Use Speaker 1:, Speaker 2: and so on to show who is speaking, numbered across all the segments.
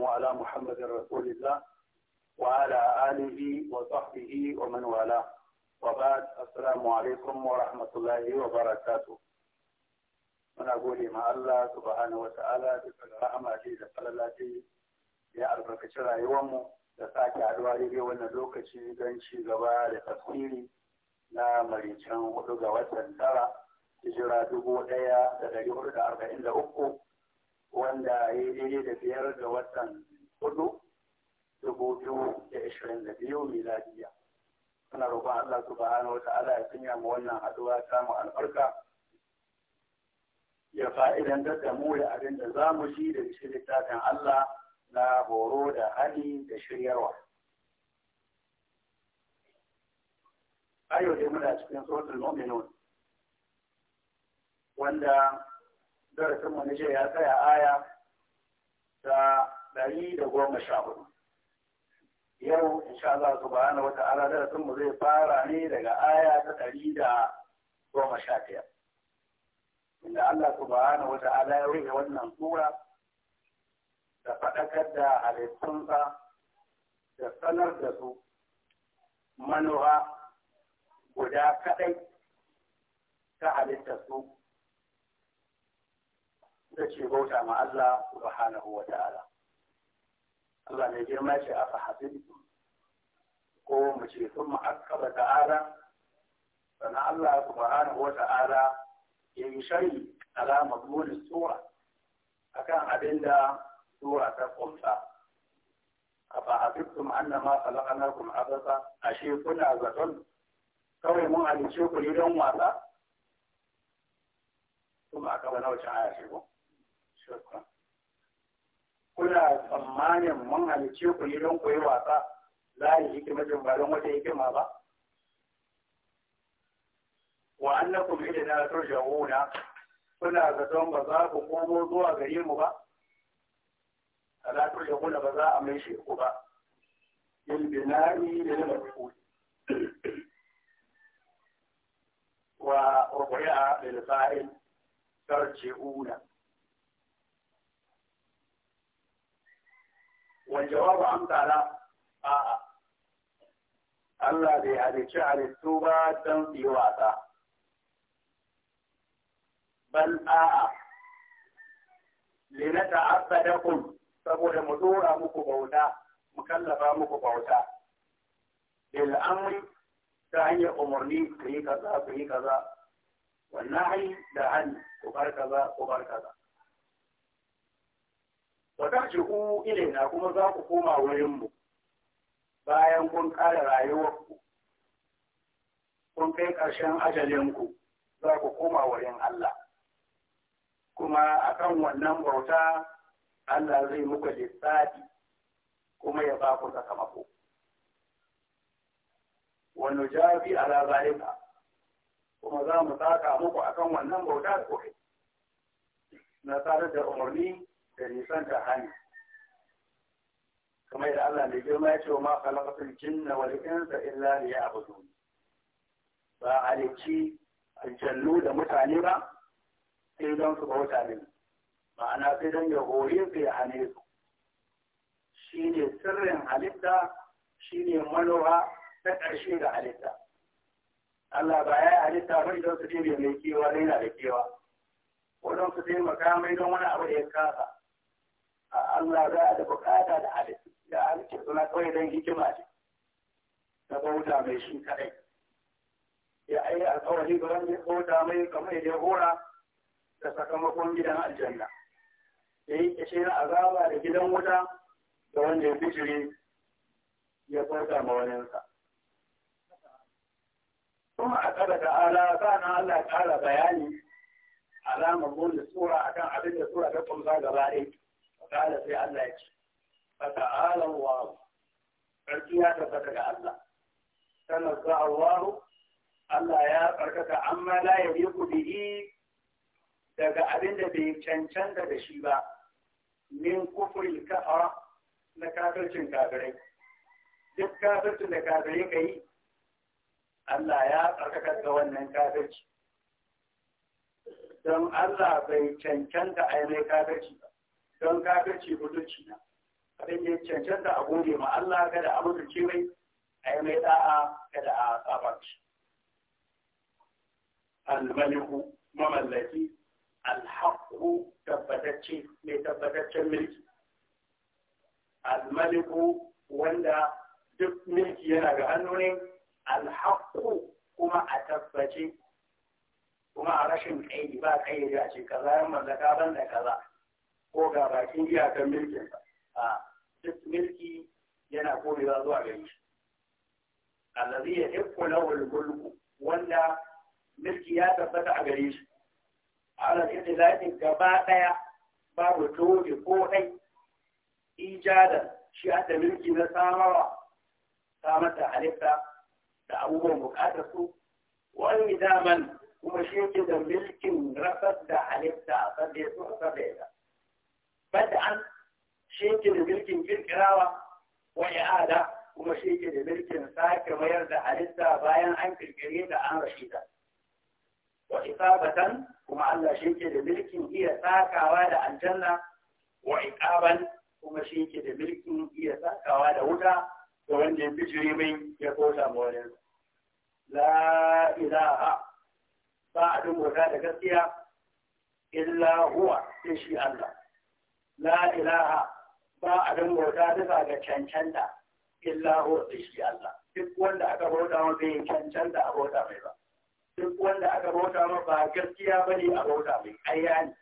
Speaker 1: والسلام على محمد رسول الله وعلى آله وصحبه ومن والاه وبعد السلام عليكم ورحمة الله وبركاته من أقول مع الله سبحانه وتعالى بكل رحمة جيدة فلالتي يا أربك شرع يوم لساك عدواري لي وانا لوكشي بنشي غبار تفسيري لا مريشان ودوغا وطن ترى hijira dubu ɗaya da dari hudu da arba'in da uku wanda ya daidai da biyar ga watan hudu dubu biyu da ashirin da biyu miladiya Suna roƙon Allah hana wata ala ya sanya mu wannan haɗuwa ta mu albarka ya fa'idantar da mu da abin da za mu ji da cikin littafin Allah na horo da hali da shiryarwa. Ayo dai muna cikin sautul mu'minun wanda darasin mu na ya tsaya aya ta ɗari da goma sha hudu yau insha Allah subhanahu wata'ala darasin mu zai fara ne daga aya ta ɗari da goma sha biyar inda Allah wata ala ya rufe wannan sura da faɗakar da halittunsa da sanar da su manuwa guda kaɗai ta halittar su ita ce bauta ma Allah subhanahu wa ta'ala Allah ne girma ce a hasibtum ko mu ce sun ma'akkaba ta'ala sana Allah subhanahu wa ta'ala ya yi shari ala mazmunin sura akan abin da sura ta kumsa anna ma annama khalaqnakum abasa ashe kuna zaton kawai mun halice ku ne don wasa kuma aka wani wacce aya ce ko kuna tsammanin mun halice ku ne don ku yi wasa za a yi hikimatin ba don wata hikima ba wa annakum na turja'una kuna zaton ba za ku komo zuwa gare mu ba ala turja'una ba za a mai shi ku ba bil bina'i na maf'ul wa rubu'a lil fa'il una. والجواب عن تعالى آه. Allah bai halicci halittu ba don su wasa. Bal a'a, lina ta'abba kun saboda mu dora muku bauta, mu kallafa muku bauta. Bil amri ta hanyar umarni ku yi kaza, ku yi kaza, wannan hanyar da hali ku kaza, ku bar kaza. wa ile na kuma za ku koma wurin mu bayan kun kare rayuwarku kun kai ƙarshen ajalinku za ku koma wurin Allah kuma akan wannan bauta Allah zai muku lissafi kuma ya ba ku sakamako wani jafi ala zalika kuma za mu saka muku akan wannan bauta da kuka na tare da umarni da nisan ta hani kamar yadda Allah mai girma ya ce wa maka khalaqatul jinna wani insa illa zuwa ba halicci aljannu da mutane ba sai don su bauta min ma'ana sai don ya hori su ya hane su ne sirrin halitta shi ne manowa ta ƙarshe da halitta Allah ba ya yi halitta mai don su ce mai kewa na da kewa ko don su taimaka mai don wani abu da ya kasa Allah za da bukata da halittu da halittu suna kawai don hikima ce ta bauta mai shi kadai ya ayi alkawari ga wanda bauta mai kamar ya hora da sakamakon gidan aljanna ya yi kashe na azaba da gidan wuta da wanda ya bijiri ya bauta ma waninsa kuma a kada da ala na Allah ya kara bayani alamar mun sura akan abin da sura ta kunsa gaba ɗaya kala sai Allah ya ce fata'ala wa sarki ya tabbata ga Allah tanazza Allah Allah ya tsarkaka amma la yaliqu bihi daga abinda bai cancanta da shi ba min kufri a na kafircin kafirai duk kafircin da kafirai kai Allah ya tsarkaka ga wannan kafirci don Allah bai cancanta a yi mai kafirci ba don kafirci mutunci na abin da cancanta a gode ma Allah kada a mutunce mai a yi mai da'a kada a tsaba shi al-maliku mamallaki al-haqqu tabbatacce mai tabbataccen mulki al-maliku wanda duk mulki yana ga hannu ne al-haqqu kuma a tabbace kuma a rashin kai ba kai da ce kaza mallaka ban da kaza ko ga bakin iyakar mulkin a duk milki yana korewa zuwa gare shi allazi ya hikku lahul mulku wanda milki ya tabbata a gare shi ala itlaqin gaba daya babu tobe ko dai ijada shi aka milki na samawa samar da halitta da abubuwan bukatar su wani daman kuma shi da milkin rasar da halitta a sadda ya a sadda banda an shi yake da mulkin kirkirawa wa i'ada kuma shi yake da mulkin sake mayar da halitta bayan an kirkire da an ta wa isabatan kuma Allah shi yake da mulkin iya sakawa da aljanna wa iqaban kuma shi yake da mulkin iya sakawa da wuta ga wanda ya bijire mai ya kosa mawanin la ilaha ba a dubuta da gaskiya illa huwa sai shi Allah la ilaha ba a dan bauta bisa ga cancanta illa huwa shi Allah duk wanda aka bauta ma bai cancanta a bauta mai ba duk wanda aka bauta ma ba gaskiya ba ne a bauta mai ayya ne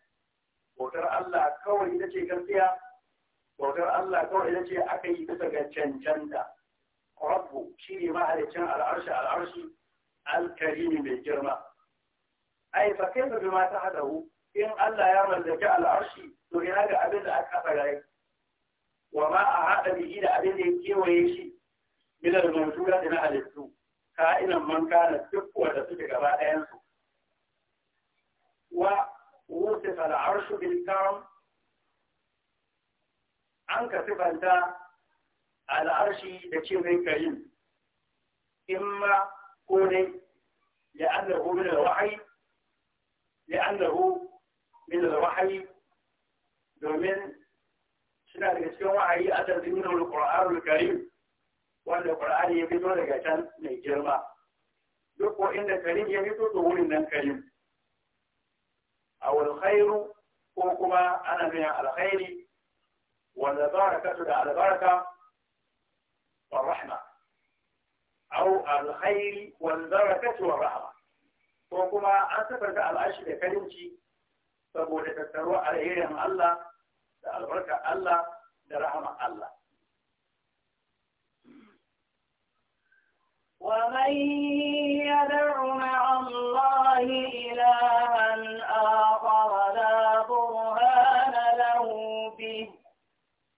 Speaker 1: bautar Allah kawai ita ce gaskiya bautar Allah kawai ita ce aka yi bisa ga cancanta rabbu shi ne mahalicin al'arshi al'arshi alkarimi mai girma ai fa kai bi ma ta in Allah ya mallaki al'arshi to ina ga abin da aka fara wa ma a haɗa bihi da abin da ya kewaye shi bilar mawjuda da na halittu ka'inan man kana duk wanda suke gaba ɗayansu wa وصف العرش بالكرم an ka sifanta al'arshi da ce mai karim in ma ko ne ya annahu min al ya min al-wahyi domin suna daga cikin wahayi a tarzimin al-Qur'anul Karim wanda Qur'ani ya fito daga can mai girma duk ko inda Karim ya fito da wurin nan Karim aw khairu ko kuma ana nuna alkhairi wal barakatu da albaraka wa rahma aw al-khairi wal barakatu wa rahma ko kuma an sifar da al'ashi da karimci saboda tattaro alherin Allah da albarkar Allah da rahama Allah.
Speaker 2: ومن يدع مع الله إلها آخر لا برهان له به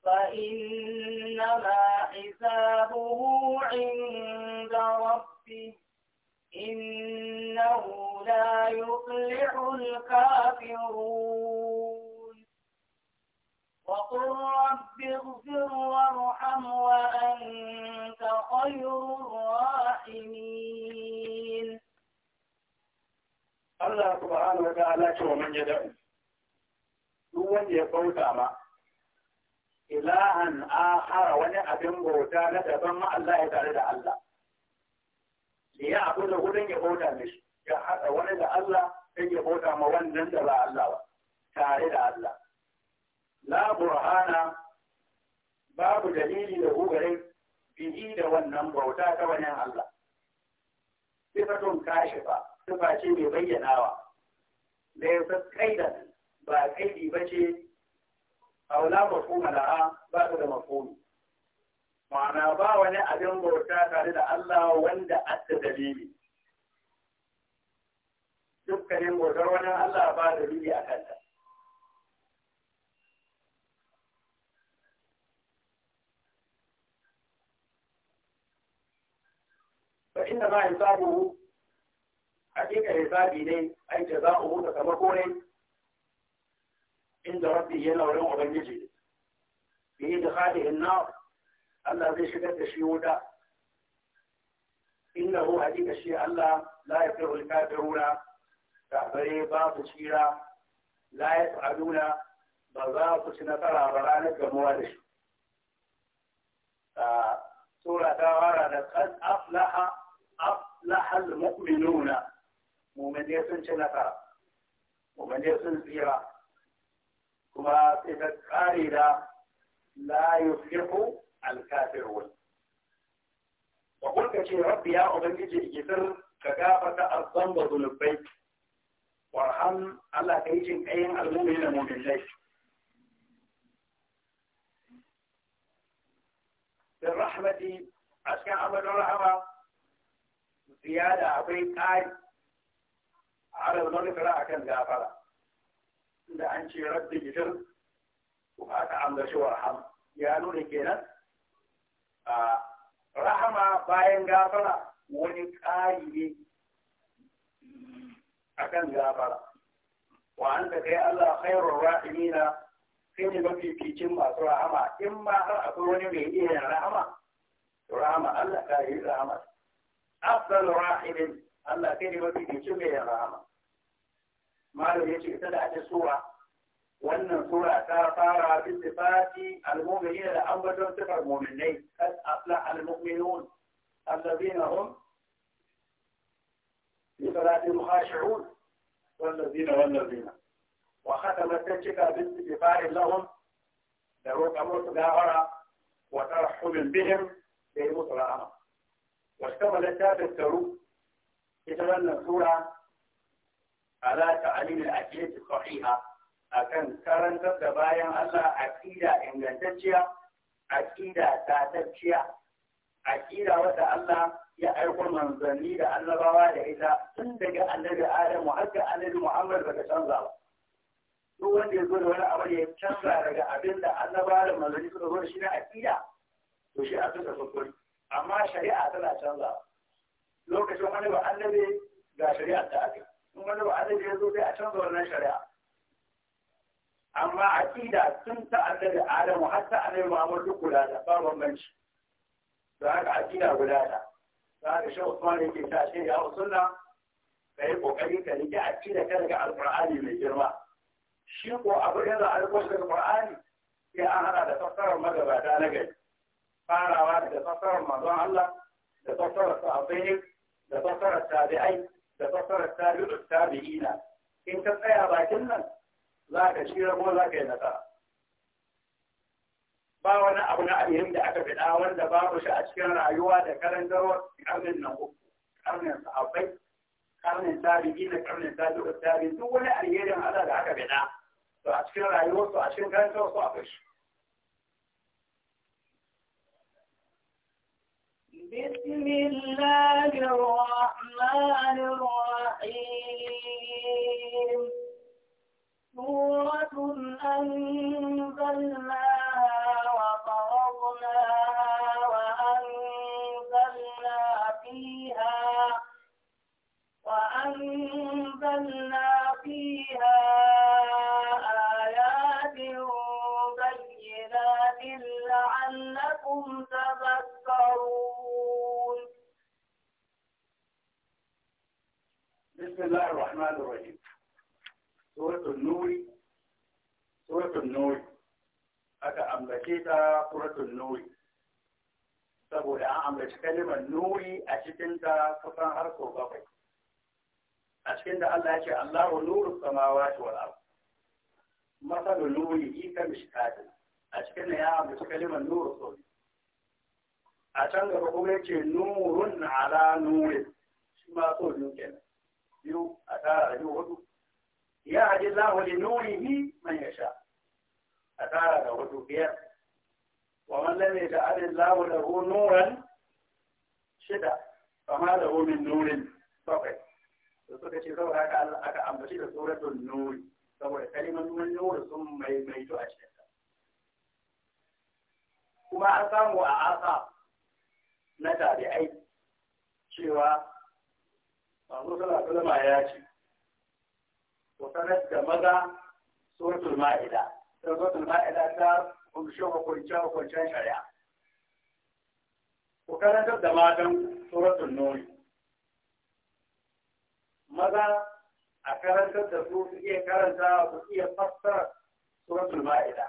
Speaker 2: فإنما حسابه عند ربه إنه لا يفلح الكافرون وقل رب اغفر وارحم وأنت خير الراحمين
Speaker 1: Allah subhanahu wa ta'ala ce wa manya yada'u duk wanda ya bauta ma ilahan akhara wani abin bauta na daban ma Allah ya tare da Allah ne ya abin da wurin ya bauta mishi ya haɗa wani da Allah sai ya bauta ma wannan da ba Allah ba tare da Allah la burhana babu dalili da hugarin bihi da wannan bauta ta wani Allah sifatun kashifa sifa ce mai bayyanawa da ya kaidan ba kaidi ba ce aula mafhuma la'a ba ta da mafhumi ma'ana ba wani abin bauta tare da Allah wanda adda dalili dukkanin bautar wani Allah ba dalili a kanta fa inna ma hisabuhu hakika hisabi ne ai jaza'uhu da kamako kore inda rabbi yana wurin ubangiji bi da an-nar ألا بيشك تشيودا إنه هذه الشيء ألا لا يفعل الكافرون تعبري باب لا يفعلون بالباب سنترى برانة جموالش سورة دوارة قد أفلح أفلح المؤمنون مؤمنين سنترى مؤمنين سنترى كما تذكر لا يفلح الكافرون وقلت يا رب يا أبنجي إجتر كقابة أرضاً البيت وارحم على كيجن أين المؤمن المؤمن ليش بالرحمة عشك أبد الرحمة زيادة أبي تاي على ذلك لا أكن جافرة إذا أنشي رب إجتر وقاك عمد شو ورحم يا نوري كينا rahama bayan gafara wani ƙari ne akan gafara wa an da kai Allah khairur rahimina sai ne mafificin masu rahama in ma har akwai wani mai iya rahama rahama Allah ta yi rahama afdal rahimin Allah sai ne mafificin mai rahama malam ce ita da ake suwa wannan sura ta fara bin sifati al-mu'minina da ambaton sifar mu'minai kad aflaha al-mu'minun alladhina hum fi salatihim khashi'un والذين والذين وختم تشكى باستغفار لهم دروك أمر تداورا وترحم بهم في مصر واشتملت هذا الدروك يتبنى السورة على تعليم الأكلة الصحيحة akan karantar da bayan Allah aqida ingantacciya aqida tatacciya aqida wata Allah ya aiko manzanni da annabawa da ita tun daga annabi Adamu har ga annabi Muhammad daga canza ba. Duk wanda ya zo da wani abu ya canza daga abin da annabawa da manzanni suka zo da shi na aƙida to shi a suka sukuri. Amma shari'a tana canza Lokacin wani ba annabi ga shari'a ta aka. In wani ba annabi ya zo sai a canza wannan shari'a. amma aƙida sun ta da adamu har ta annabi muhammad duk da ta ba bambanci da haka aƙida guda ta haka shi usman yake ta ce ya ka yi ƙoƙari ka rike aƙida ka daga alƙur'ani mai girma shi ko abu da za a riko shi daga qur'ani sai an hada da fassarar magabata na gari farawa da fassarar mazan Allah da fassarar sahabbai da fassarar tabi'ai da fassarar tabi'ina in ka tsaya bakin nan za ka shira ko za ka yi nasara ba wani abu na alhim da aka fida wanda babu shi a cikin rayuwa da karantarwar karnin nan uku karnin sahabbai karnin tarihi da karnin tarihi da tarihi duk wani alherin Allah da aka fida to a cikin rayuwar su a cikin karantarwar su akwai shi بسم
Speaker 2: الله الرحمن الرحيم سورة أنزلناها وفرضناها وأنزلنا فيها وأنزلنا فيها آيات بينات لعلكم تذكرون
Speaker 1: بسم الله الرحمن الرحيم suratul nuri aka ambace ta suratul nuri saboda an ambaci kalmar nuri a cikin ta kusan har sau bakwai a cikin da Allah ya ce Allahu nuru samawati wal ardh masalu nuri ka mishkatin a cikin da ya ambaci kalmar nuru sau a can gaba kuma ya ce nurun ala nurin shi ma so biyu kenan biyu a tara biyu hudu ya hadi Allah li nurihi man sha. a tsara da hudu biyar wa man lam yaj'al da lahu nuran shida fama da min nurin bakwai da suka ce saboda haka Allah aka ambaci da suratul nuri saboda kalimar nuri sun maimaito a cikin kuma an samu a asa na tabi'ai cewa ba su sana wasallam ya ce ku sanar da maza suratul ma'ida suratul ma'ida ta kunshi hukunce hukuncen shari'a ku karantar da matan suratul nuri maza a karantar da su iya karanta su iya fassara suratul ma'ida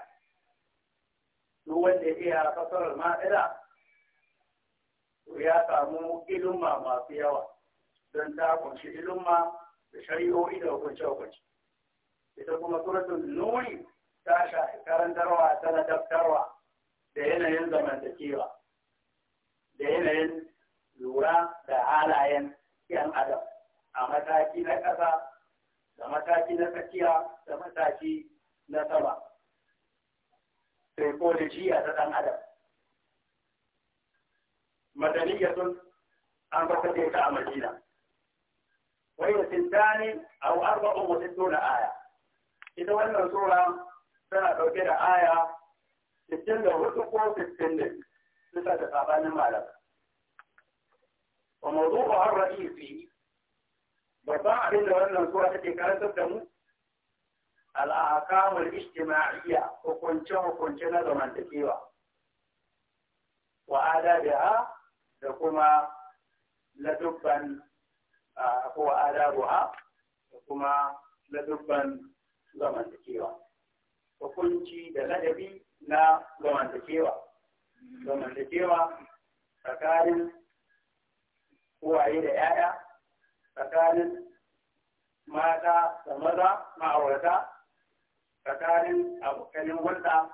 Speaker 1: duk wanda iya fassarar ma'ida ya samu ilimma masu yawa don ta kunshi ilimma da shari'o'i da hukunce-hukunce. Ita kuma suratun nuni ta shafi karantarwa ta ladabtarwa da yanayin zamantakewa da yanayin lura da halayen yan adam a mataki na ƙasa da mataki na tsakiya da mataki na sama. Psychologiya ta ɗan adam. Madaniyatun an baka ta a Madina. وهي ستان او اربع وستون آية. إذا وانا سورة سنة كده آية ستين وستقو ستين لسا تقابان مالك. وموضوعها الرئيسي بطاعة إذا وانا سورة التي كانت تبتم الأحكام الاجتماعية وكنشا وكنشا نظم التكيوة وآدابها لكما لدبا ko adabuha da kuma na dubban zamantakewa hukunci da ladabi na zamantakewa zamantakewa tsakanin uwaye da 'ya'ya tsakanin mata da maza ma'aurata tsakanin abokanin hulɗa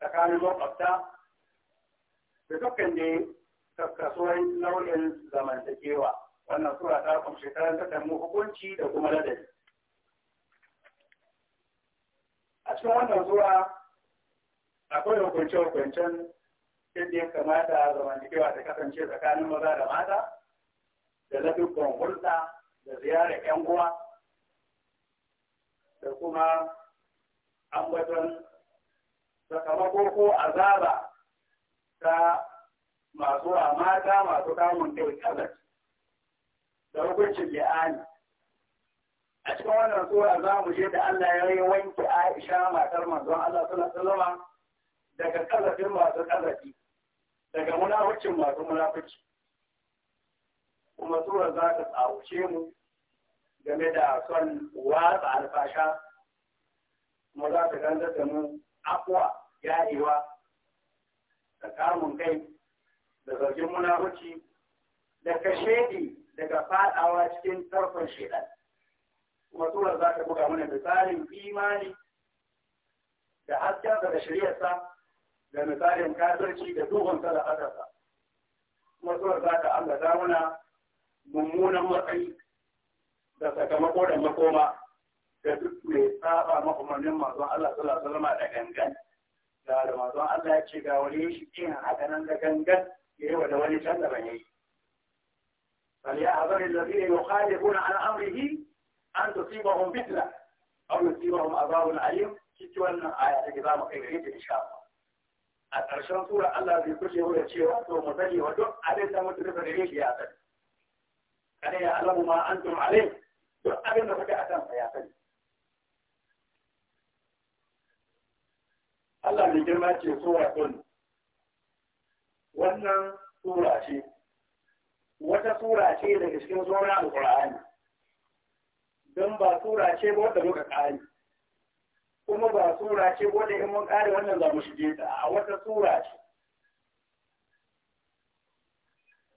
Speaker 1: tsakanin makwabta da dukkan dai kasuwan launin zamantakewa wannan sura ta kunshi karantar hukunci da kuma ladabi a cikin wannan sura akwai hukunce-hukuncen yadda ya kamata zamantakewa ta kasance tsakanin maza da mata da ladubban hulɗa da ziyarar 'yan uwa da kuma ambaton sakamako ko azaba ta masu a mata masu kamun kai kalas da hukuncin li'ani a cikin wannan sura za mu je da Allah ya yi wanke Aisha matar manzon Allah sallallahu alaihi wasallam daga kalafin masu kalafi daga munafucin masu munafuci kuma sura za ta tsawuce mu game da son watsa alfasha kuma za ta gandar da mu afuwa yadewa da kamun kai da zargin munafuci da kashedi daga fadawa cikin tarkon shedan kuma surar za ta buga mana misalin imani da haskensa da shiryarsa da misalin kafirci da duhunsa da hasarsa kuma surar za ta ambata mana mummunan matsayi da sakamako da makoma da duk mai tsaba makomannin mazan Allah sallallahu alaihi wasallam da gangan da mazan Allah ya ce ga wani shi kin haka nan da gangan فليحذر الذين يخالفون عن امره ان تصيبهم مثله او يصيبهم اباه عليم كتوى ان ايات كتابه خير ان شاء الله. الترشيح سوره الله في كل شيء يشيعه ومثلي ودق عليه لا مدد فريق يا سيدي. كان يعلم ما انتم عليه دق عليه ما فجاه تم يا سيدي. الله في كلمات سوره wannan sura ce wata sura ce daga cikin sauran alƙur'ani don ba sura ce ba wanda muka ƙari kuma ba sura ce wadda in mun ƙari wannan za mu shige ta a wata sura ce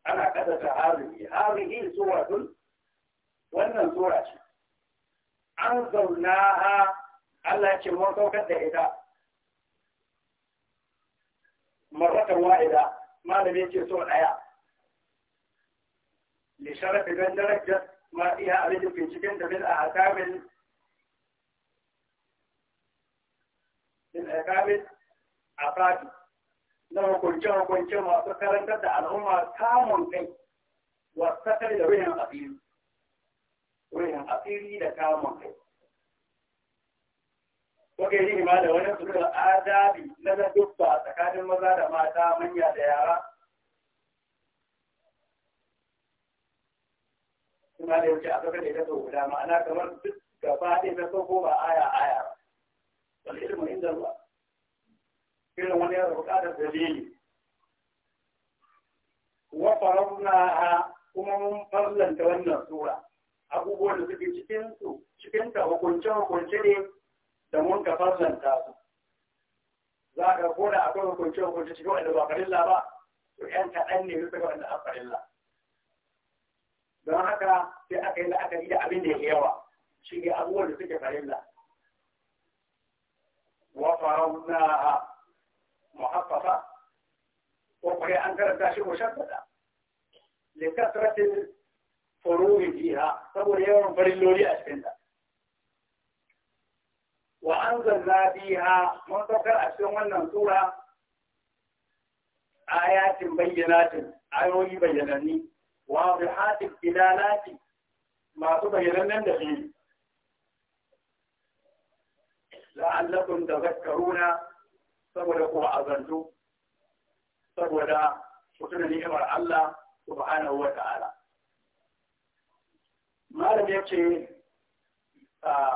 Speaker 1: ana kada ta hazihi hazihi tun. wannan sura ce an zauna ha Allah ce mun saukar da ita marratan wa'ida malami yake so ɗaya li fi don darajar ma iya abin da binciken da bil ahkamin bil a fadi. na hukunce-hukunce masu karantar da al'umma kamun kai wasu da ruhin asiri ruhin asiri da kamun kai muka yi hima da wani su da adabi na na dubba tsakanin maza da mata manya da yara Kuma da yauce a saka da ita sau guda ma'ana kamar duk gaba ɗaya na sauko ba aya aya ba wani ilimin inda ba irin wani yana buƙatar dalili wa farabna kuma mun farlanta wannan sura abubuwan da suke cikin su cikin ta hukunce hukunce ne da mun ka farlanta su za ka koda akwai hukunce hukunce cikin wanda ba farilla ba to yan kaɗan ne bisa ga wanda a farilla don haka sai aka yi la'akari da abin da ya yawa shi ne abubuwan da suke farilla wa farawna muhaffafa ko kai an karanta shi mushaddada likasratil furu'i fiha saboda yawan farilloli a cikin ta wa an zanna biha mun a cikin wannan sura ayatin bayyanatin ayoyi bayyananni wa bihatin ilalati masu bayyanannen da shi la'allakum tazakkaruna saboda ku azantu saboda ku tuna ni'imar Allah subhanahu wa ta'ala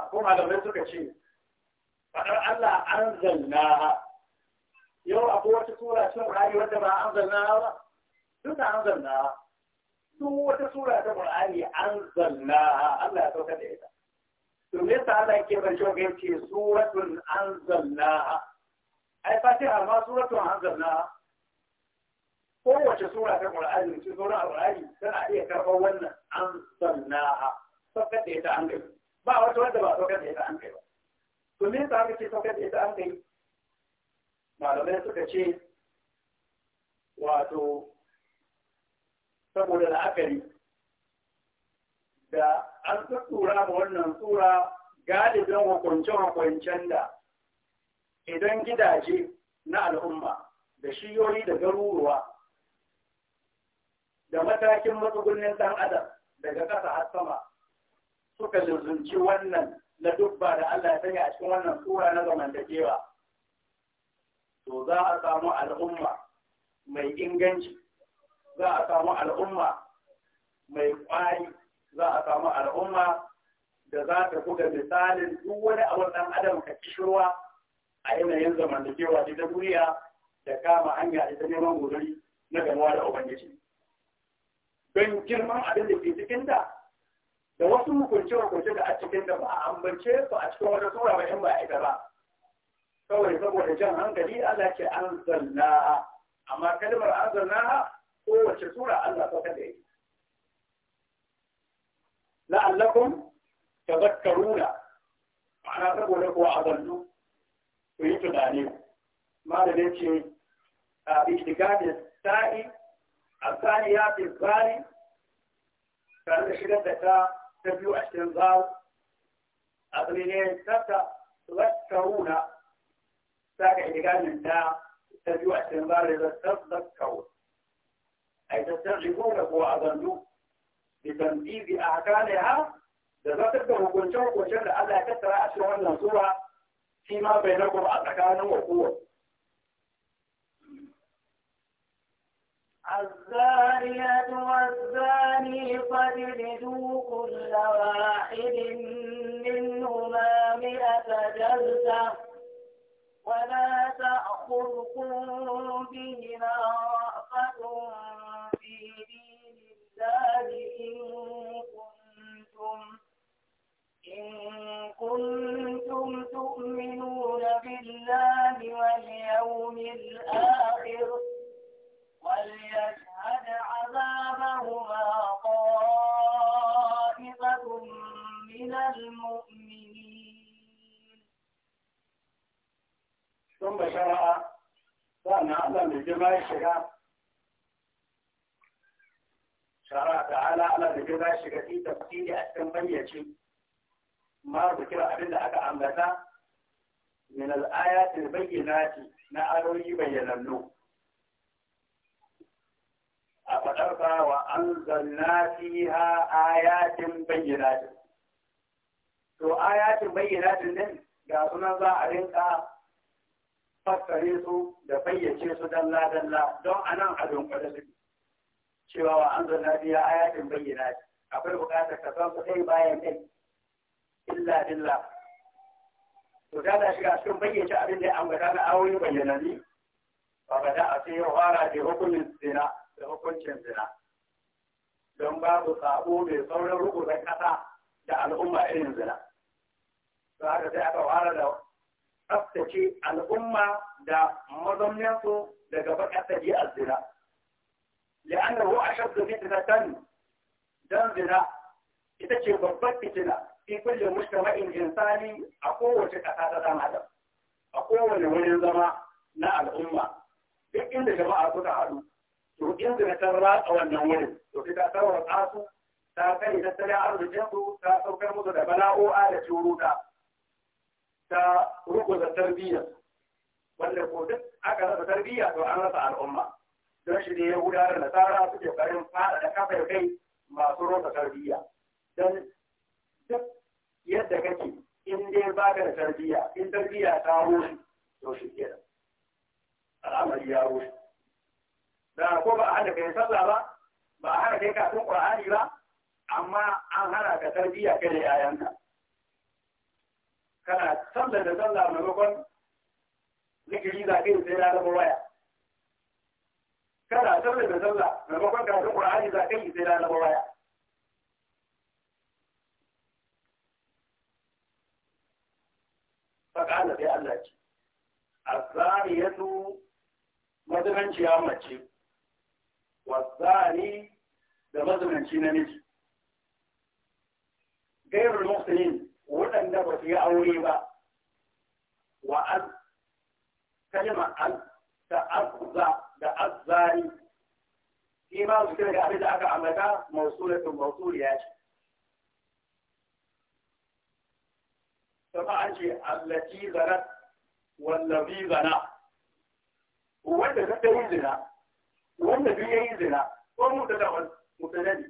Speaker 1: ko malamai suka ce faɗar Allah an zanna ha? yau akwai wata sura cin rari wadda ba an zanna ha ba duk na an zanna ha. duk wata sura ta Qur'ani an zanna ha. Allah ya sauka da ita to me yasa Allah ke bar shi ga ce suratun an zanna ai har ma suratun an zanna ha. kowace sura ta su ce sura Qur'ani tana iya karɓar wannan an zanna ha. sauka da ita an gani. ba wata wadda ba sauka da ita an kai ba to me yasa aka ce da ita an kai malamai suka ce wato saboda la'akari da an tura ma wannan sura galibin hukunce-hukuncen da idan gidaje na al'umma da shiyoyi da garuruwa da matakin matsugunin ɗan adam daga ƙasa har sama suka zuzunci wannan na dubba da Allah ya sanya a cikin wannan sura na zamantakewa to za a samu al'umma mai inganci za a samu al'umma mai kwari za a samu al'umma da za ta buga misalin duk wani abin dan adam ka kishirwa a yanayin zamantakewa ta duniya da kama hanya ita neman guduri na gamuwa da ubangiji don girman abin da ke cikinta hukunce-hukunce da a cikin da ba a ambace su a cikin wata sura ba in ba ita ba kawai saboda jan hankali Allah ce an zanna amma kalmar an zanna kowace sura Allah saka da yake la'allakum tadhakkaruna ma'ana saboda ko a zannu ku yi tunani malamin ce a itikadin sa'i a sani ya fi tsari tare da shigar da ta تبيو أشتن غاو أغلينين ستا تذكرونا ساكا إذا كان من دا تبيو أشتن غاو لذا تذكرون أي تستغلقون لكو أظنو لتنبيذ أعكانها لذا تبقى هكو الشرق وشرق أذا كترى أشرون نصورها فيما بينكم أتكانوا وقوة
Speaker 2: الزانية والزاني فاجلدوا كل واحد منهما مئة جلدة ولا تأخذكم بهما رأفة في دين الله إن كنتم إن كنتم تؤمنون بالله واليوم الآخر وليشهد عذابهما طائفة من المؤمنين
Speaker 1: ثم شرع كان أعلم بجمع الشرع شرع تعالى على بجمع الشرع في تفصيل التنبيه ما ذكر أبن لك عمتا من الآيات البينات ما أروي بينا له faɗarsa wa an zanna fiha ayatin bayyanatin. To ayatin bayyanatin din ga sunan za a rinka fassare su da bayyace su dalla-dalla don a nan a dunkwale su. Cewa wa an zanna fiha ayatin bayyanatin. Akwai buƙatar ka san su ɗai bayan ɗai. Illa dilla. To da shiga cikin bayyace abin an gada na awoyi bayyanani. Ba ba da a sai ya da hukumin zina. da hukuncin zina don babu sabo mai saurin rubuta kasa da al'umma irin zina za a sai aka fara da tsaftace al'umma da mazauninsu daga baƙar tafi a zina li'annahu ashaddu fitnatan don zina ita ce babbar fitina fi kulle mujtama'in insani a kowace ƙasa ta zama da a kowane wurin zama na al'umma duk inda jama'a suka haɗu to inda ta ratsa wannan wurin to ta tarwa tsasu ta kai ta tsare arzikin su ta saukar musu da bala'o'a da turuta, ta rukuza tarbiyya wanda ko duk aka rasa tarbiyya to an rasa al'umma don shi ne ya gudanar da tsara suke karin fara da kafa kai masu rasa tarbiyya don duk yadda kake in dai ba ka da tarbiyya in tarbiyya ta rushe to shi kenan al'amari ya rushe da ko ba a hana kai sallah ba ba a hana kai kafin qur'ani ba amma an hana ka tarbiyya kai da yayanka kana sallar da sallah maimakon zikiri za ka sai na zama waya kana sallar da sallah maimakon kafin qur'ani za ka sai na zama waya فقال في الله الزانية مدمن شيئا mace. والثاني da mazaunanci na miji gairul muhsinin waɗanda ba su yi aure ba wa an kalima an ta azza da azzari shi ma su kira ga abin da aka ambata mausulatun mausuliya ce an ce allaci zarat wallabi zana wanda ta yi zina wanda duk yayi zina ko mutadawal mutadali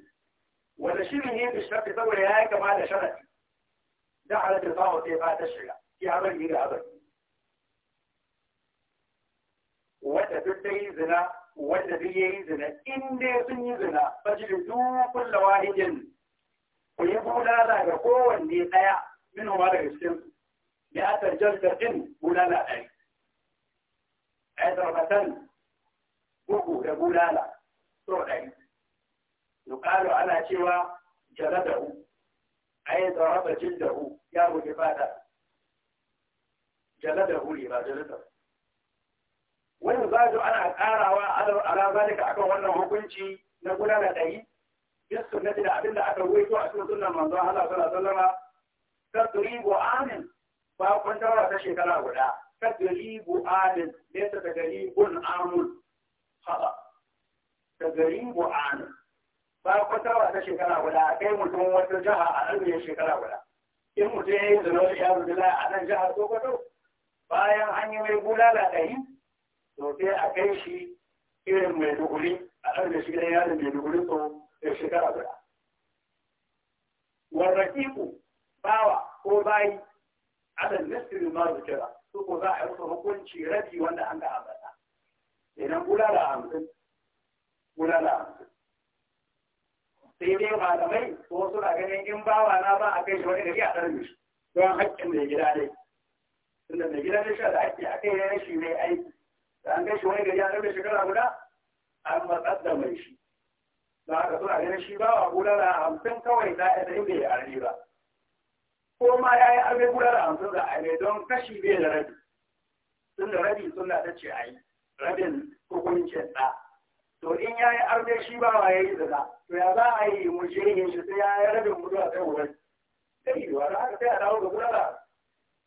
Speaker 1: wanda shirin yi da sharafi saboda ya yi kama da sharafi da halatta sawa sai ba ta shiga ya bari da abin wanda duk ta yi zina wanda duk yayi zina in dai sun yi zina fajirin duk kulla wahidin ku yi bulala ga kowanne ɗaya min huma daga cikin ya tarjar da ɗin bulala ɗari. Ai, zarfatan bugu da bulala so ɗari yuqalu ana cewa jaradahu ay daraba jildahu ya buge fata jaladahu ne ba jaladahu wani zajo ana karawa ala zalika akan wannan hukunci na gudana ɗari bis sunnati da abinda aka ruwaito a cikin sunnan manzon Allah sallallahu alaihi wasallam tadribu amin ba kun dawa ta shekara guda tadribu amin ne ta gari libun amul saba da garin bu'ana ba kwatawa ta shekara guda a kai mutum wata jiha a nan shekara guda in mutum ya yi zanen ya rubula a nan ko kwato bayan an yi mai bulala yi, to sai a kai shi irin mai duguri a nan da shi ya yaron mai duguri so shekara guda warraƙiƙu bawa ko bayi alal nasirin ma zukira su ko za a yi hukunci rabi wanda an ga abada idan bulala hamsin bulala hamsin sai dai malamai ko suna ganin in bawa na ba a kai shi wani gari a tsarin shi don haƙƙin mai gida ne, tunda mai gida ne shi da haƙƙi a kai ya shi mai aiki da an kai shi wani gari a ɗarmi shekara guda an matsar da mai shi Ba haka suna ganin shi bawa bulala hamsin kawai za a yi mai arni ba ko ma ya yi arbe bulala hamsin za a yi don kashi bai da rabi tun da rabi suna ta ce a yi rabin hukuncin ɗa to in ya yi arde shi ba wa ya yi zaza. to ya za a yi mu shehin shi sai ya yi rabin mutuwa sai wurin. sai yi wa haka sai a dawo ga kulala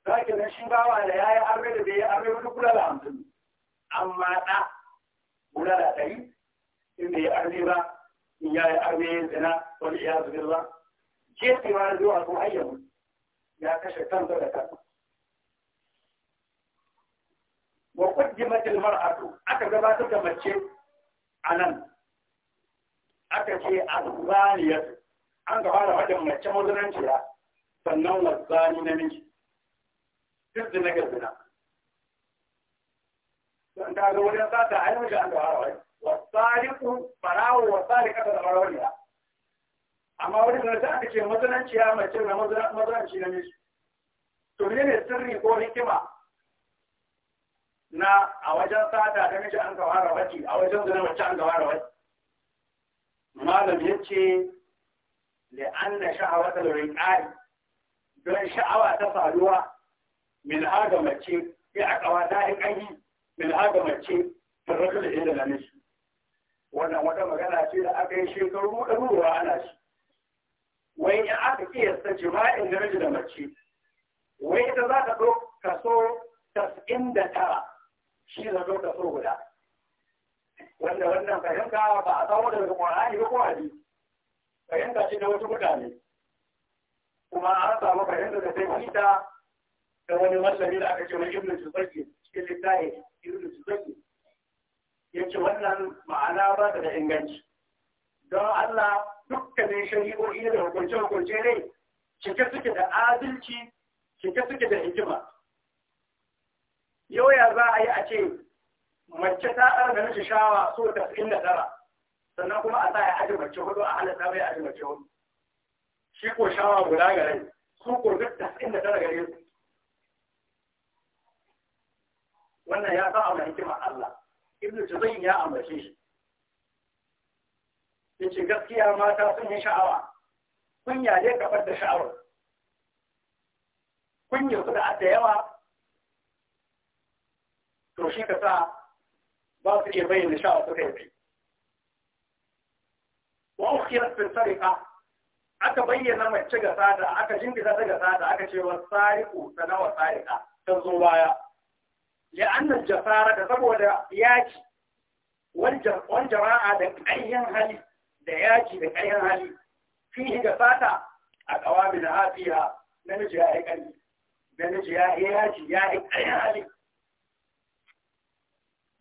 Speaker 1: za ki nan shi wa da ya yi arde da bai yi arde wani kulala hamsin amma ɗa kulala ɗari in bai yi arde ba in ya yi arde yin zina wani iya zubirwa ke tsimanin zuwa kuma ayyamu ya kashe kansa da kansa wa qaddimat al mar'atu aka gabatar da mace anan aka ce azaniyat an gaba da wajen mace mazananciya sannan na miji duk da na gazina dan ta ga wajen sata a yi an gaba da wajen wasariku barawo wasarika da farawiya amma wani da ta aka ce mazananciya mace na na miji. to ne sirri ko hikima na a wajen sata ta mace an kawara wace a wajen zina mace an kawara wace malam ya ce an na ta sha'awatul ƙari don sha'awa ta faruwa min haga mace sai a ta yi ƙari min haga mace tarrafa da inda namiji wannan wata magana ce da aka yi shekaru ɗaruruwa ana shi wai ya aka kiyasta jima'in namiji da mace wai ita za ta ɗau kaso tas'in da tara shi ne zato da guda wanda wannan fahimta ba a samu daga ƙwarani ba ko ne fahimta ce da wasu mutane kuma an samu fahimta da ta fita da wani matsayi da aka ce wani ibn Tuzaki cikin littafi ibn Tuzaki ya ce wannan ma'ana ba ta da inganci don Allah dukkanin shari'o'i da hukunce-hukunce ne cike suke da adalci cike suke da hikima yau ya za a yi a ce mace ta ɗan da nashi shawa so fi inda tara sannan kuma a sa ya aji mace hudu a halatta bai aji mace hudu shi ko shawa guda gare su ko duk fi inda tara gare su wannan ya sa amma hikima Allah ibnu zai ya ambace shi yace gaskiya mata sun yi sha'awa kunya dai kafar da sha'awar kunya su da yawa to shi ka sa ba su iya bayyana sha'awa suka yi wa ukhirat fil sariqa aka bayyana mace ga sada aka jingita ta ga sada aka ce wa sariqu sanawa sariqa ta zo baya ya jafara da saboda yaki wal jama'a da ƙaryan hali da yaki da ƙaryan hali fihi ga sata a qawamin hafiya namiji ya yi ƙarfi namiji ya yi ya yi hali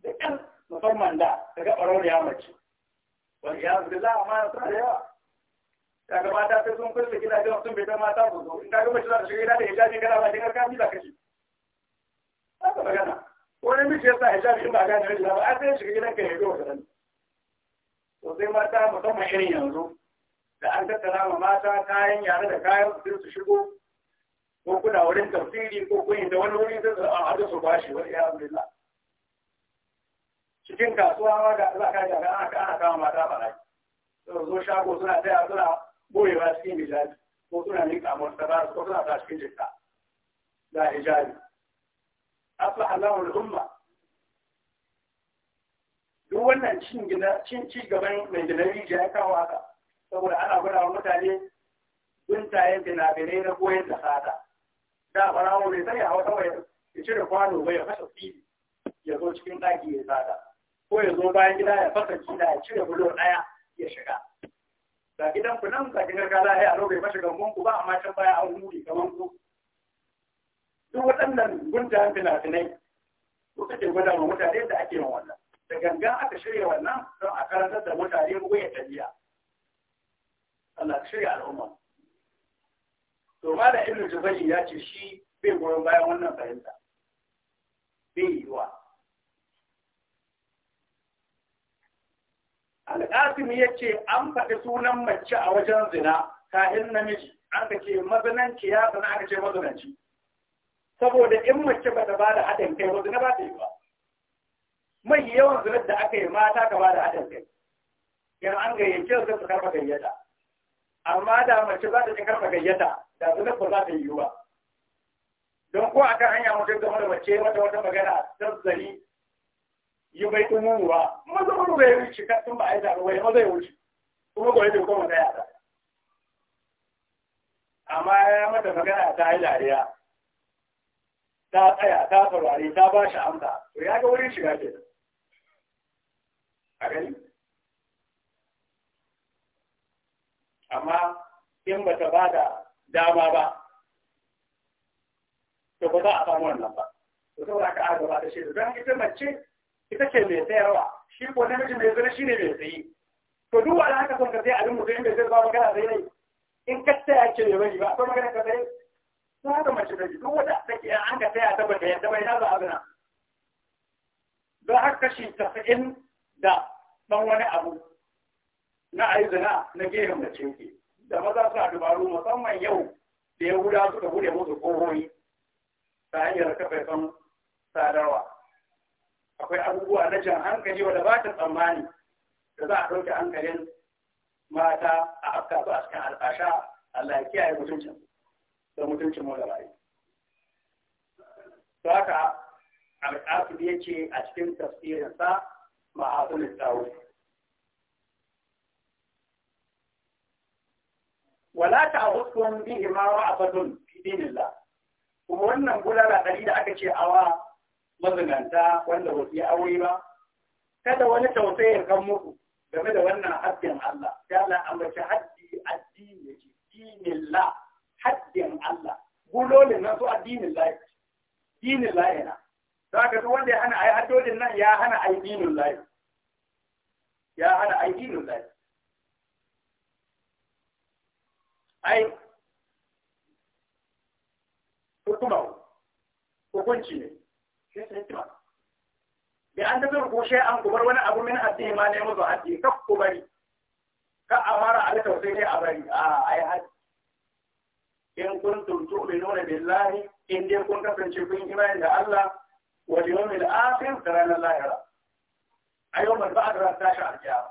Speaker 1: da kan musamman da daga ɓarar ya mace wani ya zubi za a ma sa da yawa ya ga mata sai sun kulle gidajen sun bai ta mata su zo in ka ga mace za ta shiga gida da hijabi kana ba dinga kami za ka ci za ka magana wani miji ya sa hijabi in ba gane miji ba a sai shiga gidan ka ya zo wata to sai mata musamman irin yanzu da an tattara ma mata kayan yare da kayan su su shigo ko kuna wurin tafsiri ko kun yi da wani wuri sai a hada su bashi wani ya zubi cikin kasuwa ma ga za ka ga ana kama mata lai to zo shago suna taya suna ba cikin hijabi ko suna miƙa ta ba ko suna ta cikin jikka da hijabi asla Allahu umma duk wannan cin gina cin ci gaban mai gina rijiya ya kawo haka saboda ana gwada wa mutane guntayen gina-ginai na koyar da sata da barawo ne sai ya hau kawai ya cire kwano bai ya fasa fili ya zo cikin ɗaki ya sata ko ya zo bayan gida ya fasa gida ya cire bulo ɗaya ya shiga da gidan ku nan ka gidan gala ya aro bai mashi gangon ku ba amma can baya an huri kaman ku duk waɗannan gunta fina-finai ko kake gwada wa mutane da ake yin wannan da gangan aka shirya wannan don a karantar da mutane ko ya tafiya Allah shirya al'umma to malam ibnu jubayyi ya ce shi bai goyon bayan wannan fahimta bai yiwa alƙasim ya ce an faɗi sunan mace a wajen zina kahin namiji an ka ce mazinanci ya sana aka ce mazinanci saboda in mace ba ta ba da haɗin kai ba zina ba ta yi ba mai yawan zinar da aka yi mata ka ba da haɗin kai yan an gayyace su su karfa gayyata amma da mace za ta ci karfa gayyata da zinar ba za ta yi ba don ko akan hanya mutum game da mace wata wata magana ta Yi bai tunan ruwa maza wani bai wuce ka ba a yi da ruwa maza zai wuce kuma gobe da kuma daya ta amma ya mata magana ta yi dariya ta tsaya ta saurari ta ba shi amsa to ya ga wurin shiga ke a gani amma in ba ta ba da dama ba to ba za a samu wannan ba to saboda aka agaba da shi da don ita mace ita ce mai sayarwa shi ko namiji mai zana shi ne mai sayi to duk wani haka son ka sai abin sai mai zai ba magana sai ne in ka saya ce mai bari ba akwai magana ka sai sun haka mace da duk wata take an ka saya ta bata yadda bai na za zina don haka kashi tasa'in da ɗan wani abu na aizina na gehen mace ke da maza suna dubaru musamman yau da ya wuda suka bude musu kohoyi ta hanyar kafafen sadarwa akwai abubuwa na jan hankali wanda ba ta tsammani da za a ɗauke hankalin mata a afka ba a cikin al'asha Allah ya kiyaye mutuncin da mutuncin mu gaba Ta haka al ya ce a cikin tafsirinsa ma'azul tsawo. wala ta bihi ma ra'atun fi dinillah kuma wannan gulala ɗari da aka ce awa mazinanta wanda ba su yi aure ba kada wani tausayin kan muku game da wannan haddin Allah sai Allah ambaci haddi addini yake dinin la haddin Allah gulole nan su addinin la dinin la yana za ka su wanda ya hana ai haddodin nan ya hana ai dinin la ya hana ai dinin la ai hukumau, hukunci ne bi an tafi ko an kubar wani abu min addini ma ne mazu addini ka ku bari ka amara a ta sai a bari a yi haji in kun kuntum nuna billahi in dai kun kasance kun imani da Allah wal yawmil akhir da ranar lahira a yau mai ba'ad a tashi alkiyama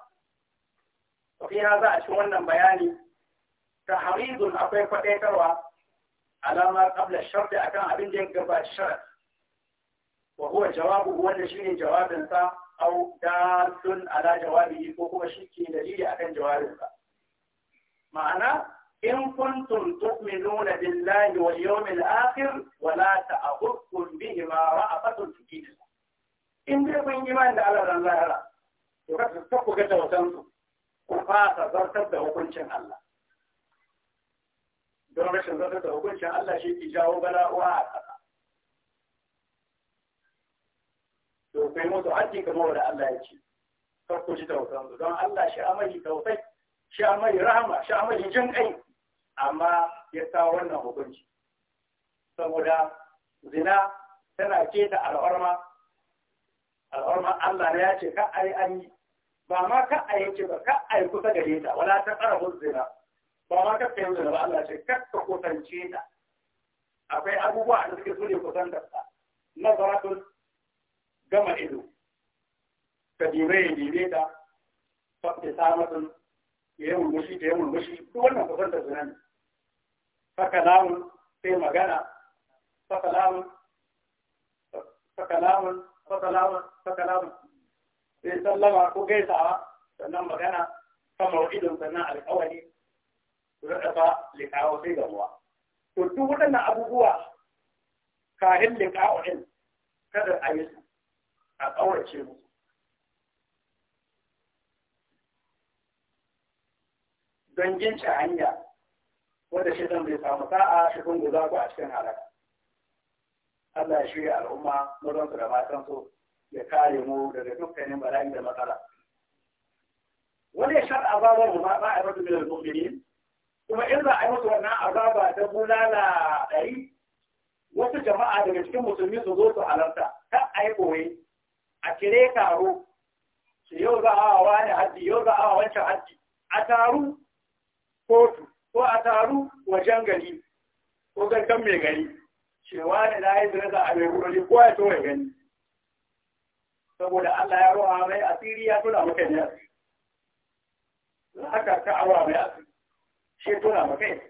Speaker 1: to fi za a cikin wannan bayani tahridun akwai kwadaitarwa alama qabla sharɗi akan abin da ya gabaci sharadi wa huwa jawabu wanda shine jawabin sa au dalun ala jawabihi ko kuma shi ke dalili akan jawabin ma'ana in kuntum tu'minuna billahi wal yawmil akhir wa la ta'khudhukum bihi ma ra'afatun fi in dai kun yi da Allah ran ka ku fasa zartar da hukuncin Allah don rashin zartar da hukuncin Allah shi ke jawo bala'uwa a ƙasa to kai musu haƙƙi kamar wanda Allah ya ce kar ku ji tausan su don Allah shi amai tausai shi amai rahama shi amai jin kai amma ya kawo wannan hukunci saboda zina tana ce da al'orma al'orma Allah ne ya ce ka ai an yi ba ma ka a ce ba ka a yi kusa gare ta wala ta ƙarfin zina ba ma ka kai zina ba Allah ce kar ka kusance ta akwai abubuwa da suke so ne kusantar ta nazaratun gama ido ka dibe ya dibe ka faɗi samun ya yi murmushi da ya murmushi duk wannan kusan da zina ne haka namun sai magana saka namun saka namun namun namun sai sallama ko gaisawa sannan magana kamar idon sannan alƙawari raɗafa likawa sai gamuwa to duk waɗannan abubuwa kahin ɗin kada a yi su a ƙaurace mu. don ci hanya wanda shi zan bai samu sa'a shi kun guza ku a cikin halaka Allah ya shirya al'umma mazansu da matansu ya kare mu daga dukkanin bala'i da matsala wani ya shan azabar mu ba a rabu da mu'minin kuma in za a yi musu wannan azaba ta bulala ɗari wasu jama'a daga cikin musulmi su zo su halarta ta a yi koyi a cire taro su yau za a wa ne haddi yau za a wa wancan haddi a taru kotu ko a taru wajen gari ko gangan mai gari cewa ne na yi za a mai wuri ko ya to gani saboda Allah ya roha mai asiri ya tuna maka ne asiri ka ka awa mai asiri shi tuna maka ne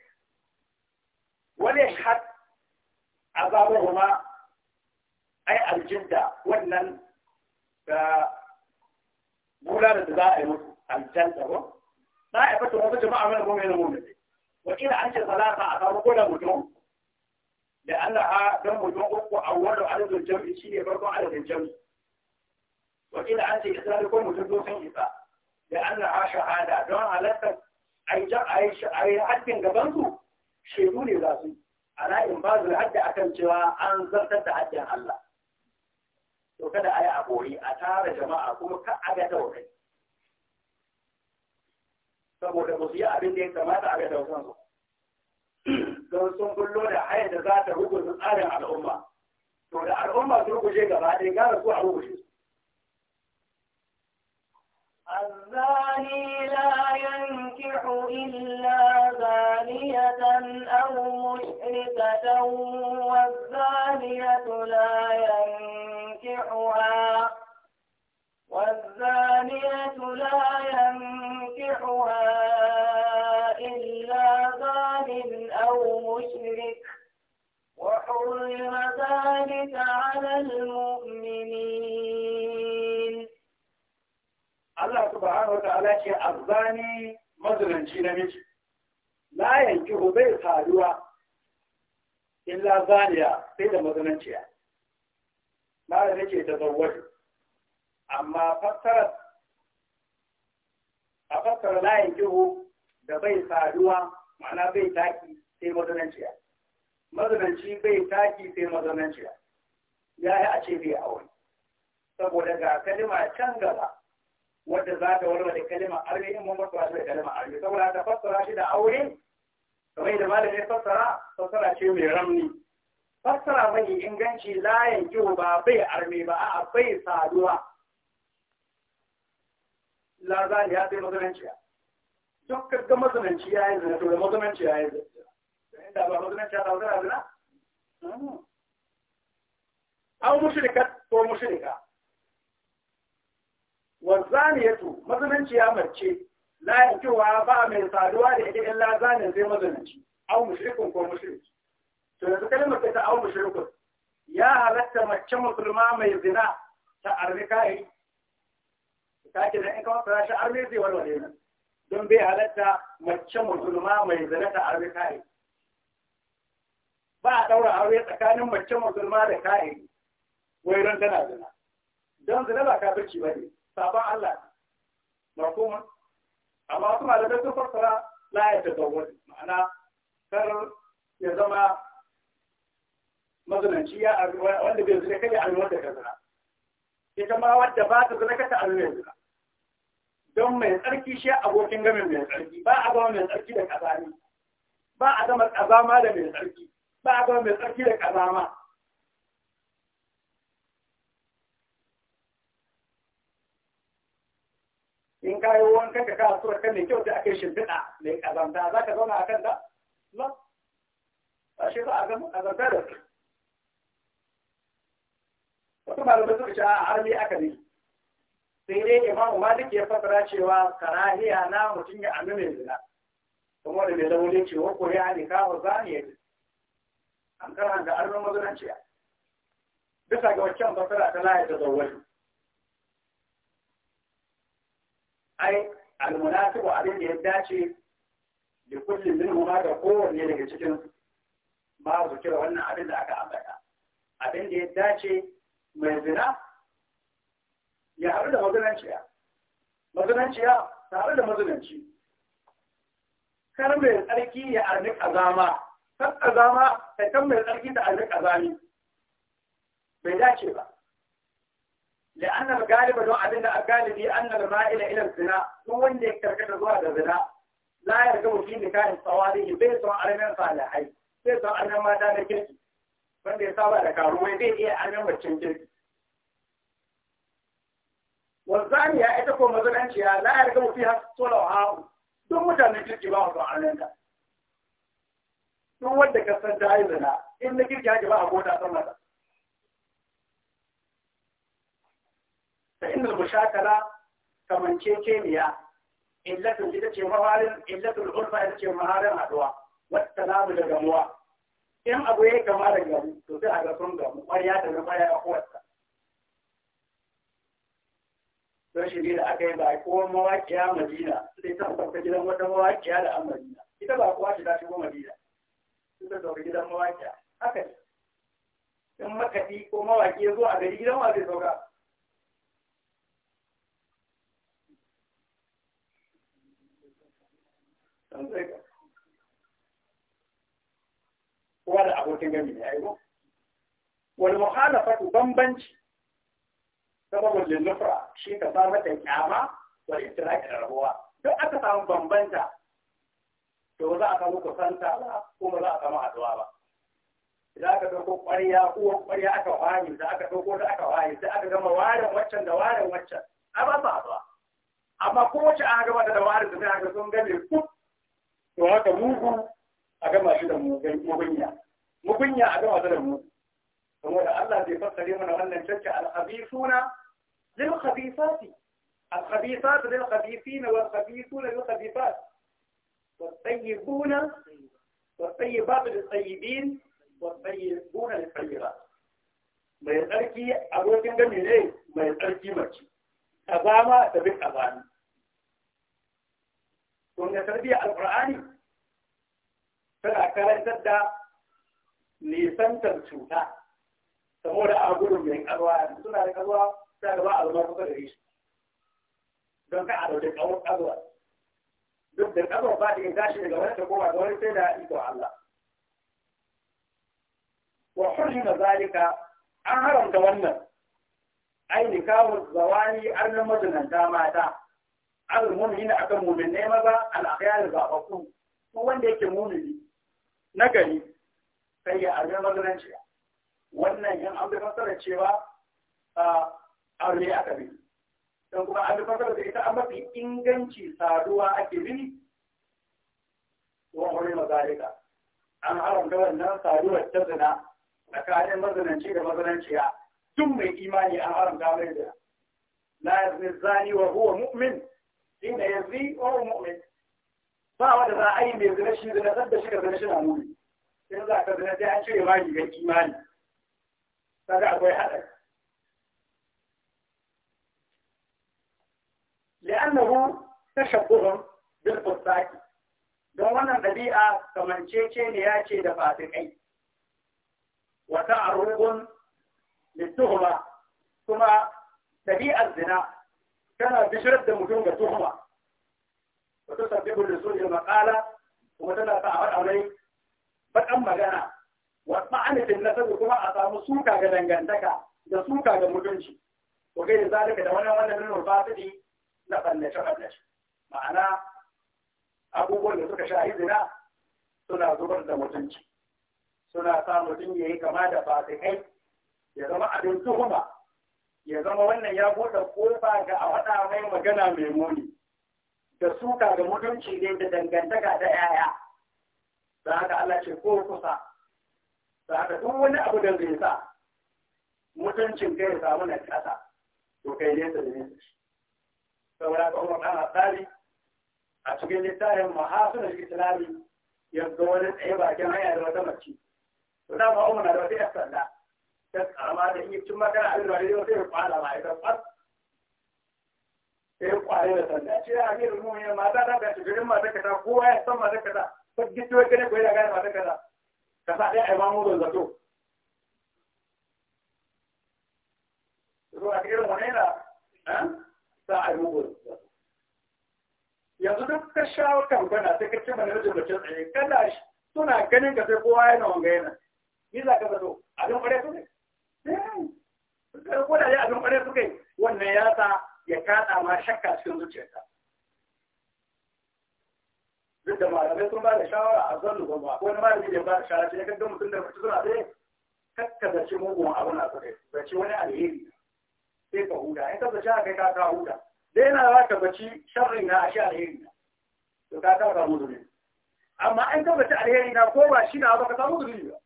Speaker 1: wani had azabar kuma ai aljinda wannan da bulalar da za a yi musu aljanna ko za a yi fata wasu jama'a mana gome na mumin ne wakila an ce salata a samu kola mutum da Allah ha don mutum uku a wannan adadin jami'i shi ne farkon adadin jami'i wakila an ce isra'i ko mutum dosin isa da Allah ha shahada don halartar a yi haddin gabansu shaidu ne za su yi. ana in ba su hadda akan cewa an zartar da haddin Allah to kada a yi a boye a tara jama'a kuma ka a ga daukai saboda ba su yi abin da ya kamata a ga daukan su don sun kullo da hayar da za ta rubuta tsarin al'umma to da al'umma su je gaba ɗaya gara su a rubuce shi
Speaker 2: الزاني لا ينكح إلا زانية أو مشركة والزانية لا ينكح ينكحها والزانية لا ينكحها إلا ظالم أو مشرك وحرم ذلك على المؤمنين
Speaker 1: الله سبحانه وتعالى شيء الزاني مزرن شيء لا ينكح بيت إلا زانية سيدة مزرن شيئا ma da nake da zawwaju amma fassara a fassara layin jihu da bai saduwa ma'ana bai taki sai mazananciya mazananci bai taki sai mazananciya ya yi a ce bai aure saboda ga kalima can gaba wadda za ta warware da kalima arme in mun fassara da kalima arme saboda ta fassara shi da aure kamar da malamin fassara fassara ce mai ramni fassara mai inganci layan kiwo ba bai arme ba a bai saduwa lazali ya sai mazananci ya don kaga mazananci ya yi zina to da mazananci ya yi zina inda ba mazananci ya zaune zina hmm. an mushirika ko mushirika wazaniyatu mazananci ya mace layan kiwa ba mai saduwa da ita illa lazanin sai mazananci an mushirikun ko mushiriki to yanzu kalmar ta au mushrikun ya halatta mace musulma mai zina ta arzi kai ta ce da in ka wasa shi arzi zai warware nan don bai halatta mace musulma mai zina ta arzi kai ba a daura aure tsakanin mace musulma da kai wai don tana zina don zina ba kafirci ba ne sabon Allah marhuma amma wasu malamai sun fassara la ya tazawwaj ma'ana kar ya zama mazunanci ya arwa wanda bai zina kai arwa da kaza ita ma wadda ba ta zina kai arwa ya zina don mai tsarki shi abokin gamin mai tsarki ba a gama mai tsarki da kazani ba a gama kazama da mai tsarki ba a gama mai tsarki da kazama in ka yi wankan ka kawo suwar kan mai kyau da aka yi shimfiɗa mai kazanta za ka zauna a kan da? ba shi za a gama kazanta da su wasu malamai suka ce a harbi aka ne sai dai imamu duk ya fasara cewa karahiya na mutum ya amina mai zina kuma da mai zaune ce wa koya ne kawo zaniyar an kara da arnon mazinanciya bisa ga waccan fasara ta laye ta zawwaju ai almunasibu abin da ya dace da kullum min ma da kowanne daga cikin ba su kira wannan abin da aka ambata abin da ya dace mai zina ya haɗu da mazinanciya mazinanciya ta haɗu da mazinanci kar mai tsarki ya arni ƙazama kar ƙazama ta kan mai tsarki ta arni ƙazami bai dace ba لأن الغالب لو أدنى الغالب أن المائل إلى zina هو اللي يكتركت الزوار الزنا kayan يرجو في نكاح الصواريه بيت على من Zai بيت على mata na girki. wanda ya saba da karuwai zai iya amin waccan kirki wazaniya ita ko mazananciya la ya riga mafi hasola wa duk mutanen kirki ba wasu arinka duk wanda ka san ta yi zina in na kirki haka ba a goda san mata ta inda mushakala kamanceceniya illatul ita ce mahalin, illatul urfa ita ce mahalin haduwa wata namu da gamuwa in abu ya kama da gamu to sai a ga sun gamu ƙwarya da na ƙwarya a kowace don shi ne da aka yi ba a ko mawaƙiya madina sai ta sauka gidan wata mawaƙiya da an madina ita ba kowa shi ta shigo madina sai ta sauka gidan mawaƙiya haka ne in makaɗi ko mawaƙi ya zo a gari gidan wa zai sauka Thank you. kowa da abokin gami ne aiko wal muhalafatu bambanci sababul lil nufra shi ka mata da kyama wal iftiraq da rabuwa duk aka samu bambanta to za a samu kusanta ba ko ba za a samu haduwa ba idan aka ko ƙwarya ko ƙwarya aka wani da aka ko da aka wani sai aka gama warin waccan da warin waccan a ba su haduwa amma ko wacce aka gama da warin da sai aka sun game ku to haka mugu a gama shi da mugunya mugunya a gama shi da mu saboda Allah zai fassare mana wannan cacce al-khabithuna lil khabithati al-khabithat lil khabithin wal khabithun lil khabithat والطيبون والطيبات للطيبين والطيبون للطيبات mai tsarki abokin gami ne mai tsarki mace kazama da bin kazani kun ga tarbiyyar alqur'ani tana karantar da nisantar cuta saboda a gudun mai karuwa suna da karuwa ta gaba a zama kusa da shi don ka a da kawon karuwa duk da karuwa ba ta tashi daga wani takowa da wani sai da iko Allah wa na zalika an haramta wannan ai nikahu zawani arnan majalanta mata al mu'mina akan mu'min ne maza al akhyar zabaku ko wanda yake mu'mini na gari sai ya arbe mazalanci wannan yan an bi fasara cewa aure aka bi don kuma an bi fasara da ita a mafi inganci saduwa ake bi wa aure mazalika an haramta wannan saduwar ta zina tsakanin mazalanci da ya. tun mai imani an haramta mai da la yazni zani wa huwa mu'min inda yanzu wa huwa mu'min ba wanda za a yi mai zina shi zina zan da shi ka zina shi na nuni in za ka zina sai an cire ma rigar imani kaga akwai haɗari لأنه تشبه بالفساق don wannan ɗabi'a kamancece ne ya ce da fasikai wata arugun littuhuma kuma ɗabi'ar zina tana bishirar da mutum ga tuhuma wata sabbin da so Masala makala kuma tana sa a faɗa mai baɗan magana wa ma'anatin nasabi kuma a samu suka ga dangantaka da suka ga mutunci ko kai da zalika da wannan wannan nuna fasidi na ballace ballace ma'ana abubuwan da suka sha izina suna zubar da mutunci suna sa mutum ya kama da fasikai ya zama abin tuhuma ya zama wannan ya buɗe kofa ga a faɗa mai magana mai muni da suka da mutunci ne da dangantaka da yaya da haka Allah ce ko kusa da haka duk wani abu da zai sa mutuncin kai ya samu na ƙasa to kai ne da ne saboda ko mun ɗan tsari a cikin littafin mahasunan islami yanzu wani tsaye bakin hanya da wata mace to da ba umma da wata yasanda ta karama da yin cin magana a ne da sai ya kwala ma ita sai kwaye da sanda ya mu ta shugaban kowa ya san ka sa eh? zato yanzu duk ka shawo kankana sai ka ci mana rajin mutum tsaye kada suna ganin ka sai kowa yana wanga yana ni za ka zato abin kwarai su ne eh. ko da ya abin kwarai su kai wannan ya sa ya kada ma shakka cikin zuciyarka duk da malamai sun ba da shawara a zan lura ba wani malami da ba da shawara sai kaga mutum da mutum suna tsaye kakka zace mugun abu na tsaye zace wani alheri sai ka huda in ka a kai ka ka huda da yana za ka baci sharri na shi alheri na to ka ka samu ne amma in ka baci alheri na ko ba shi na ba ka samu zuri ba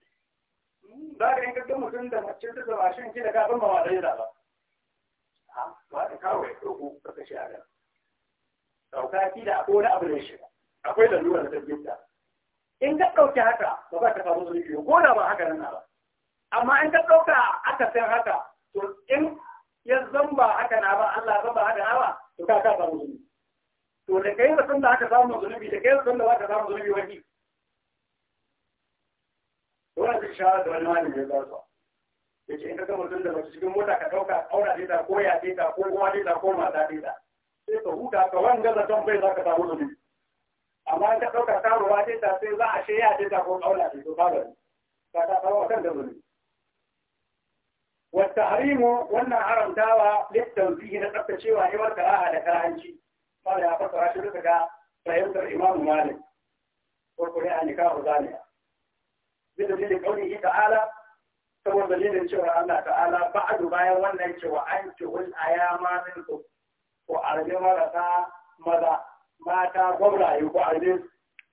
Speaker 1: hmm, za ka yi kakka mutum da mace ta zama shi da ka ban ba ma da ba ba da kawo ya ɗauko kasa shi a nan sauka ki da akwai wani abu da shiga akwai lalura da tabbata in ka ɗauki haka ba za ka samu zunubi ko da ba haka nan ba amma in ka ɗauka aka san haka to in ya zamba haka na ba Allah zamba haka na ba to ka ka samu zunubi to da kai da sanda aka samu zunubi da kai da sanda ba ka samu zunubi wani wannan shi shawar da wani malami ya zarfa ya ce in ka gama da mace cikin mota ka ɗauka auna dai ta ko ya dai ta ko kuma dai ta ko mata dai ta sai ka huta ka wanga zaton bai za ka samu amma in ka ɗauka karuwa dai ta sai za a she ya dai ta ko aura dai to kaga ka ta kawo kan da zubi والتحريم وانا حرم داوى للتوزيع نقطة شوى هي وكراهة لكراهنشي قال يا فترة شرطك فيمتر الإمام مالك وقل يعني كاه ذلك بدليل قوله تعالى saboda dalilin cewa Allah ta'ala ba'adu bayan wannan cewa an ce wal ayama min ku ko arbe marasa maza mata gwamraye ko arbe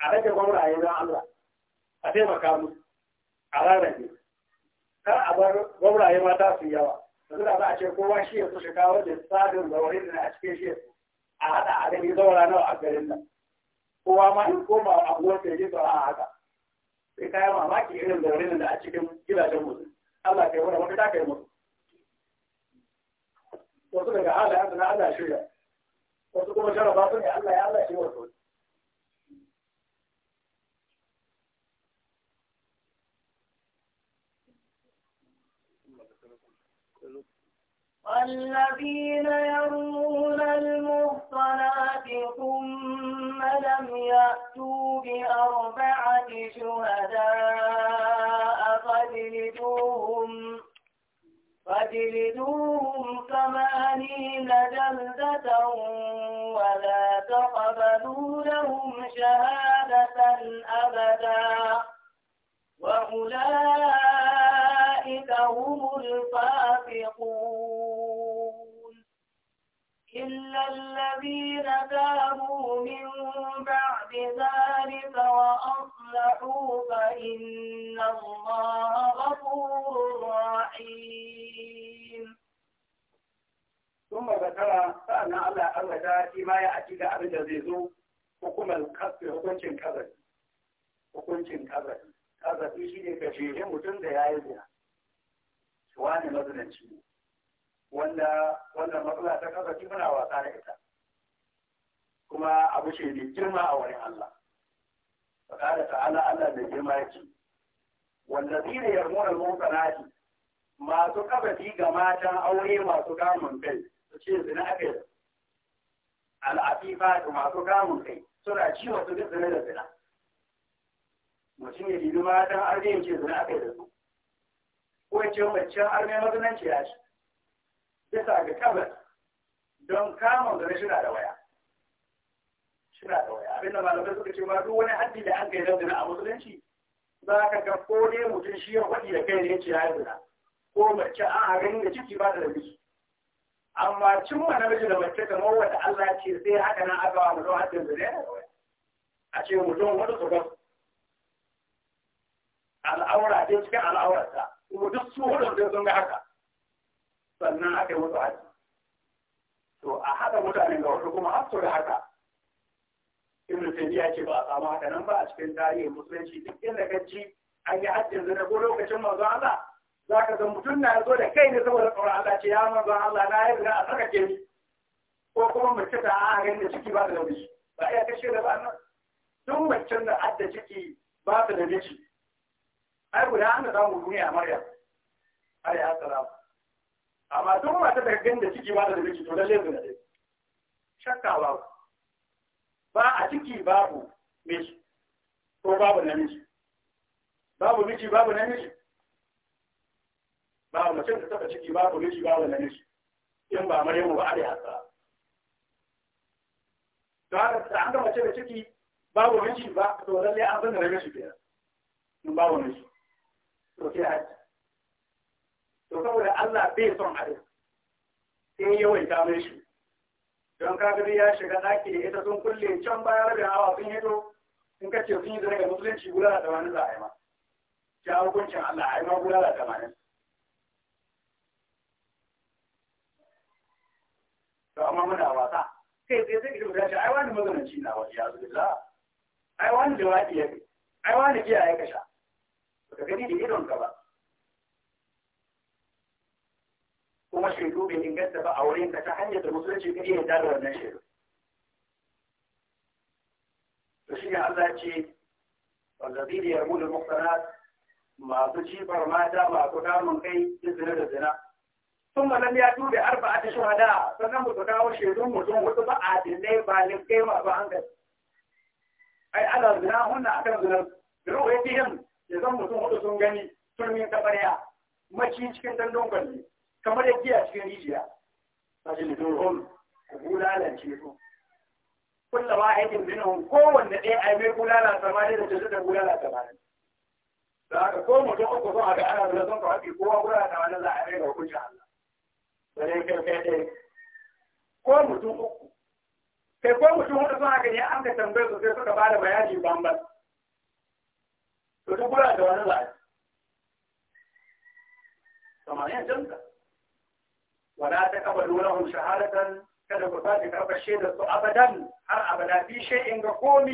Speaker 1: a rage gwamnaye don Allah a taimaka mu a ne kar a bar gwamraye mata su yawa yanzu da za a ce kowa shi ya su kawo wajen sadin zaurin da a cikin shi a haɗa a gani zaura nawa a garin nan kowa ma in koma a anguwar sai a haka sai kayan mamaki irin zaurin da a cikin gidajen mutum Allah kai wani wani kai musu wasu daga halayen na Allah shirya wasu kuma jaraba su ne Allah ya Allah shirya wasu والذين يرمون المحصنات
Speaker 2: ثم لم يأتوا بأربعة شهداء فاجلدوهم فاجلدوهم ثمانين جلدة ولا تقبلوا لهم شهادة أبدا وأولئك هم الفاسقون إلا الذين تابوا من بعد ذلك تَصْلَحُوا فَإِنَّ اللَّهَ غَفُورٌ رَّحِيمٌ
Speaker 1: ثم ذكر فأنا على أرد فيما يأتي زيزو حكم حكم حكم shi mutum da yayi zina wani mazinanci wanda matsala ta kasafi muna wasa da ita kuma abu shi ne girma a wurin Allah فقال تعالى ألا نجماتي والذين يرمون المنكرات ما تقبتي جماعة أو ما تقام كي تشي زنا أكيد العفيفات ما تقام من كي سنة جيوة وتقام زنا لزنا mutum ya dibi matan arzikin ce zina aka yi da su ko ya ce macen arme mazunanci ya ci bisa ga kabar don kamun da rashin da waya suna da waya abin da malamai suka ce ma duk wani haddi da an kai da zina a musulunci za ka ga ko dai mutum shi ya faɗi da kai ne ce ya zina ko mace an harin da ciki ba da rabi amma cin ma namiji da mace kamar wanda Allah ce sai haka nan aka wa mutum haddin zina yana da waya a ce mutum wani su gan al'aura ce cikin al'aurarsa kuma duk su hudun sun ga haka sannan aka yi musu haddi to a haɗa mutane ga wasu kuma har da haka ibn taymiya ce ba a samu haka nan ba a cikin tarihin musulunci duk inda ka ci an yi hajjin zina ko lokacin manzo Allah ka san mutum na zo da kai ne saboda tsoron Allah ce ya manzo Allah na yi riga a sarkake ni ko kuma mace ta a ganin ciki ba da namiji ba iya kashe da ba nan duk mace da adda ciki ba ta da miji ai guda an da zamu duniya Maryam alaihi assalam amma duk mata da ganin da ciki ba ta da miji to lalle zina dai shakka ba ba a ciki babu miji ko babu namiji babu miji babu namiji babu mace ta taba ciki babu miji babu namiji in ba maryamu ba alaiha salam to haka da an ga mace da ciki babu miji ba to lalle an san da namiji kenan in babu miji to sai haji to saboda Allah bai son haɗe sai yawaita mai shi don kafiri ya shiga daki da ita sun kulle can baya rabin awa sun hito in ka ce sun yi zane ga musulunci guda da tamanin za a yi ma ta hukuncin Allah a yi ma guda da tamanin to amma muna wasa kai sai sai gidan gashi ai wani mazananci na wani ya zubi la ai wani jawabi ya ai wani kiyaye kasha baka gani da idon ka ba kuma shaidu bai inganta ba a wurin ka ta hanyar da musulunci ka iya da wannan shaidu to shi ne Allah ce wallazi ne ya mulu muhsanat masu cifar mata masu kamun kai zina da zina sun nan ya tube arba'a ta shuhada sannan mutu kawo shaidun mutum wasu ba a dinai ba ne kai ma ba hankali ai ala zina hunna akan zina ruwa ya fi yin ya zan mutum hudu sun gani turmin kabariya maci cikin dandon gwalli kamar ya giya cikin rijiya sajin duhun bulala ce ko kulla zina minhum kowanne ɗaya ai mai bulala samari da tashi da bulala samari. da haka ko mutum uku sun haka ana da ka faɗi kowa bulala samani za a ga hukuncin Allah sai kai kai ɗaya ko mutum uku kai ko mutum hudu sun haka ne an ka tambaye su sai suka bada bayani bambam to duk bulala da wani za a yi yin canza wala taqbalu lahum shahadatan kada ku sake karɓar da su abadan har abada fi shay'in ga komi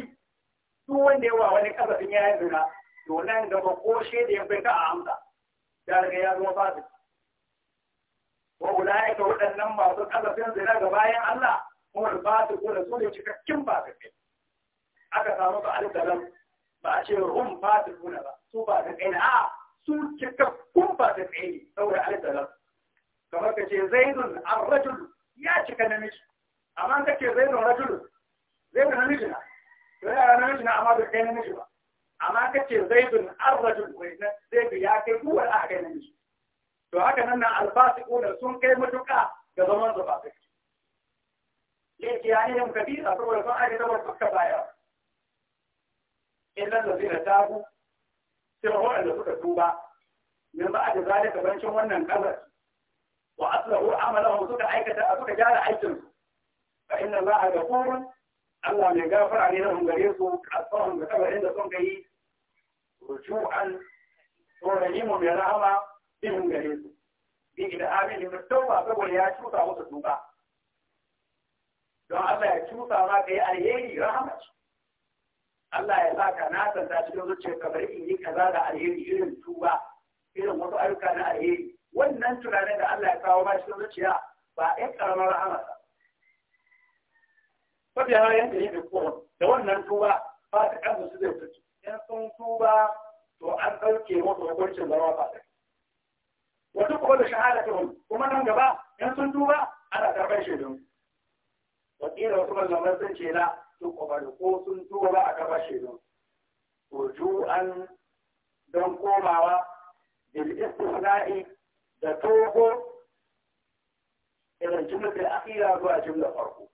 Speaker 1: duk wanda yawa wani kasafin ya yi zina to nan gaba ko shaida ya bai ka a amsa ya riga ya zama fasik wa ulaika waɗannan masu kasafin zina ga bayan Allah kuma da fasik ko da su ne cikakken fasikai aka samu su alƙalam ba a ce rum kuna ba su fasikai ne a su cikakkun fasikai ne saboda alƙalam kamar ka ce zainun ar-rajul ya cika namiji amma ka ce zainun rajul zainun namiji na to ya namiji na amma bai kai namiji ba amma ka ce zaidun ar-rajul wai na zaidu ya kai duwar aka kai namiji to haka nan na al-fasiquna sun kai matuƙa da zaman zuba kai yake ya yin kabira saboda sun aka tabar fuska baya illa lazina tabu sai wa'anda suka tuba min a da zalika bancin wannan kazar wa aslahu amalahu suka aikata suka gyara aikin fa inna allaha ghafurun Allah mai gafara ne na gare su asbahun da kabarin da sun kai rujuan ko rahimu mai rahama bihun gare su bi da abin da tauba saboda ya cuta musu tuba don Allah ya cuta ma kai alheri rahama Allah ya saka na santa cikin zuciyar kabarin in yi kaza da alheri irin tuba irin wasu ayyuka na alheri wannan tunanin da Allah ya kawo ba shi zuciya ba ɗan karamar rahama ba ko da yanda yake yi da kowa da wannan tuba ba ta kan su zai fito Yan sun tuba to an ɗauke musu hukuncin zama ba da wata kuma da shahada ta kuma nan gaba yan sun tuba ana karɓar shaidun wakila wasu malamai sun ce na sun kwabaru ko sun tuba ba a karɓar shaidun rujuan don komawa bil istisna'i تتوبوا إذا الجملة الأخيرة هو جملة حرقو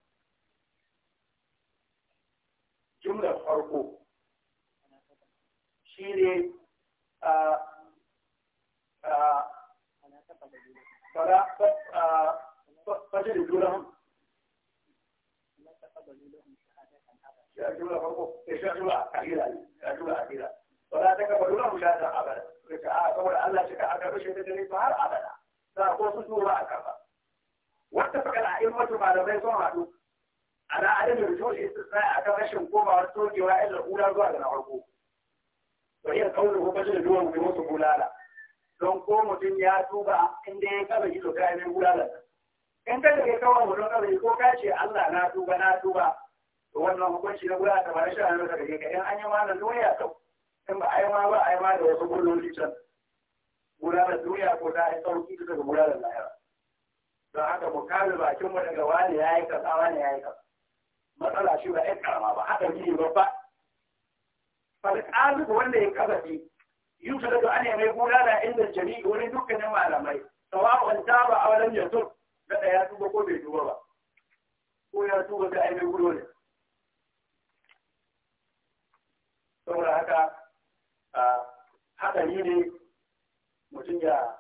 Speaker 1: جملة حرقو شيري فلا فجل لهم يا جملة حرقو يا جملة أخيرة يا جملة أخيرة ولا تقبلوا لهم شهادة أبدا da a ah, saboda Allah shi ka aka da dare har abada za ko su so ba aka ba wata fakal a ilmatu malamai sun haɗu ana adadin rikon istisnai akan rashin komawar tokewa illa ura zuwa ga na farko wa iya kaunin hukumar da duwan mai musu bulala don ko mutum ya tuba inda ya kaba yi to kai bulala in ka da kawai mutum kaba yi ko ka ce Allah na tuba na tuba to wannan hukunci na bulala ta ba rashin da in an yi malam doya in ba a yi ma ba a yi ma da wasu kulloli can gudanar duniya ko ta yi sauki da daga gudanar lahira don haka mu kame bakin mu daga wani ya yi kasa wani ya yi kasa matsala shi ba ɗan karama ba haka ne babba falƙalu wanda ya kasafi yusa daga an yi mai gudana inda jami'i wani dukkanin malamai sawa'un ta ba a wajen yanzu da ya tuba ko bai tuba ba ko ya tuba da ainihin gudu ne saboda haka haɗari ne mutum ya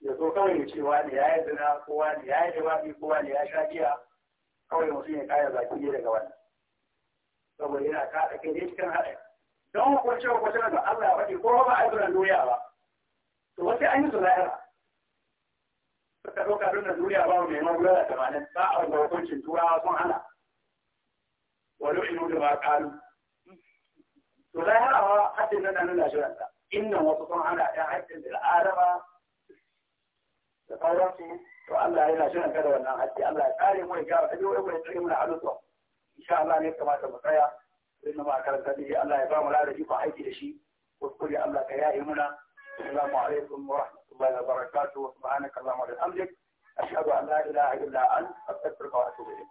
Speaker 1: ya zo kawai ya ce ne ya yi zina ko ne ya yi jawabi ko ne ya sha giya kawai mutum ya kaya baki ne daga wani saboda yana a kai ne cikin haɗari don hukunci ce na Allah ya faɗi ko ba a yi zuran doya ba to wasu an yi su lahira suka ɗauka don da duniya ba mu neman gura da tamanin ba a wanda hukuncin turawa sun hana wani inu da ba kalu to lahirawa haddin nan nan na shirin ta inda wasu sun ana ɗan haddin da araba da sauransu to Allah yana shirin ka da wannan haddi Allah ya kare mu ya gyara ta biyo ya tsare mu da halittu insha Allah ne kamata mu tsaya sai ma karanta ne Allah ya ba mu ladabi aiki da shi kuskure Allah ka yaye muna assalamu alaikum wa rahmatullahi wa barakatuh subhanaka illa